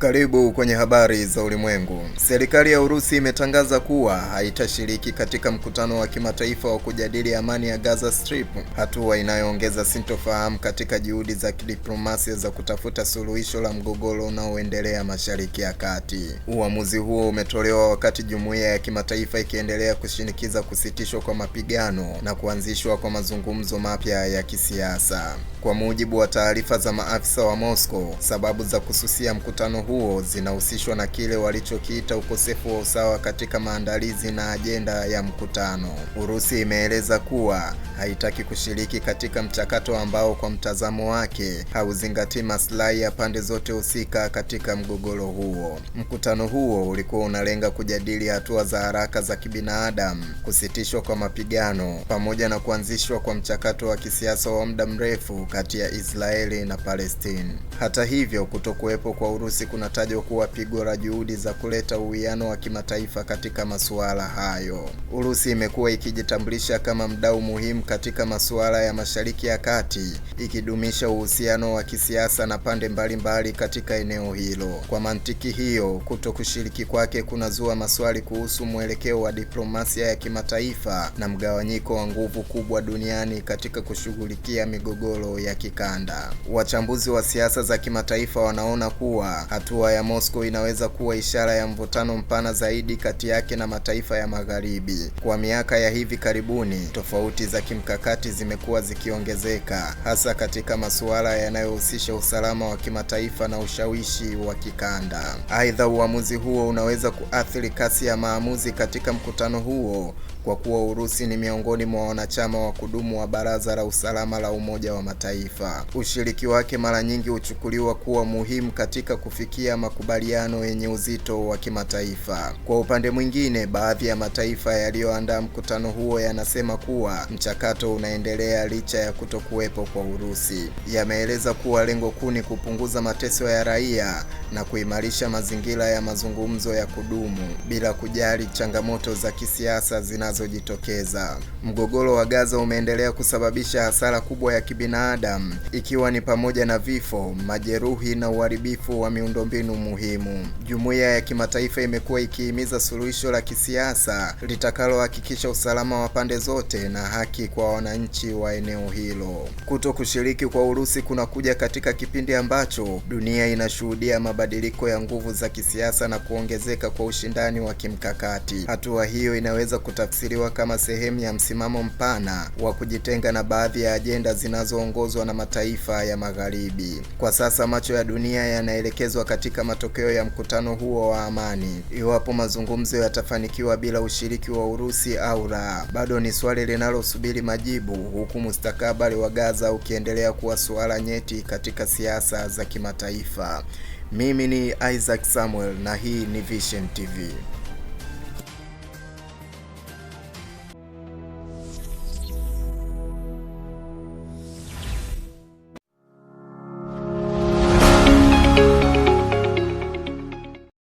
Karibu kwenye habari za ulimwengu. Serikali ya Urusi imetangaza kuwa haitashiriki katika mkutano wa kimataifa wa kujadili amani ya Gaza Strip, hatua inayoongeza sintofahamu katika juhudi za kidiplomasia za kutafuta suluhisho la mgogoro unaoendelea Mashariki ya Kati. Uamuzi huo umetolewa wakati jumuiya ya kimataifa ikiendelea kushinikiza kusitishwa kwa mapigano na kuanzishwa kwa mazungumzo mapya ya kisiasa. Kwa mujibu wa taarifa za maafisa wa Moscow, sababu za kususia mkutano huo zinahusishwa na kile walichokiita ukosefu wa usawa katika maandalizi na ajenda ya mkutano. Urusi imeeleza kuwa haitaki kushiriki katika mchakato ambao kwa mtazamo wake hauzingatii maslahi ya pande zote husika katika mgogoro huo. Mkutano huo ulikuwa unalenga kujadili hatua za haraka za kibinadamu, kusitishwa kwa mapigano pamoja na kuanzishwa kwa mchakato wa kisiasa wa muda mrefu kati ya Israeli na Palestine. Hata hivyo, kutokuwepo kwa Urusi kuna unatajwa kuwa pigo la juhudi za kuleta uwiano wa kimataifa katika masuala hayo. Urusi imekuwa ikijitambulisha kama mdau muhimu katika masuala ya Mashariki ya Kati, ikidumisha uhusiano wa kisiasa na pande mbalimbali katika eneo hilo. Kwa mantiki hiyo, kuto kushiriki kwake kunazua maswali kuhusu mwelekeo wa diplomasia ya kimataifa na mgawanyiko wa nguvu kubwa duniani katika kushughulikia migogoro ya kikanda. Wachambuzi wa siasa za kimataifa wanaona kuwa hatu Hatua ya Moscow inaweza kuwa ishara ya mvutano mpana zaidi kati yake na mataifa ya Magharibi. Kwa miaka ya hivi karibuni, tofauti za kimkakati zimekuwa zikiongezeka, hasa katika masuala yanayohusisha usalama wa kimataifa na ushawishi wa kikanda. Aidha, uamuzi huo unaweza kuathiri kasi ya maamuzi katika mkutano huo kwa kuwa Urusi ni miongoni mwa wanachama wa kudumu wa Baraza la Usalama la Umoja wa Mataifa. Ushiriki wake mara nyingi huchukuliwa kuwa muhimu katika kufikia makubaliano yenye uzito wa kimataifa. Kwa upande mwingine, baadhi ya mataifa yaliyoandaa mkutano huo yanasema kuwa mchakato unaendelea licha ya kutokuwepo kwa Urusi. Yameeleza kuwa lengo kuu ni kupunguza mateso ya raia na kuimarisha mazingira ya mazungumzo ya kudumu bila kujali changamoto za kisiasa zina zinazojitokeza. Mgogoro wa Gaza umeendelea kusababisha hasara kubwa ya kibinadamu ikiwa ni pamoja na vifo, majeruhi na uharibifu wa miundombinu muhimu. Jumuiya ya kimataifa imekuwa ikihimiza suluhisho la kisiasa litakalohakikisha usalama wa pande zote na haki kwa wananchi wa eneo hilo. Kuto kushiriki kwa Urusi kunakuja katika kipindi ambacho dunia inashuhudia mabadiliko ya nguvu za kisiasa na kuongezeka kwa ushindani wa kimkakati. Hatua hiyo inaweza kutafsiri kutafsiriwa kama sehemu ya msimamo mpana wa kujitenga na baadhi ya ajenda zinazoongozwa na mataifa ya Magharibi. Kwa sasa macho ya dunia yanaelekezwa katika matokeo ya mkutano huo wa amani. Iwapo mazungumzo yatafanikiwa bila ushiriki wa Urusi au la, bado ni swali linalosubiri majibu, huku mustakabali wa Gaza ukiendelea kuwa suala nyeti katika siasa za kimataifa. Mimi ni Isaac Samuel na hii ni Vision TV.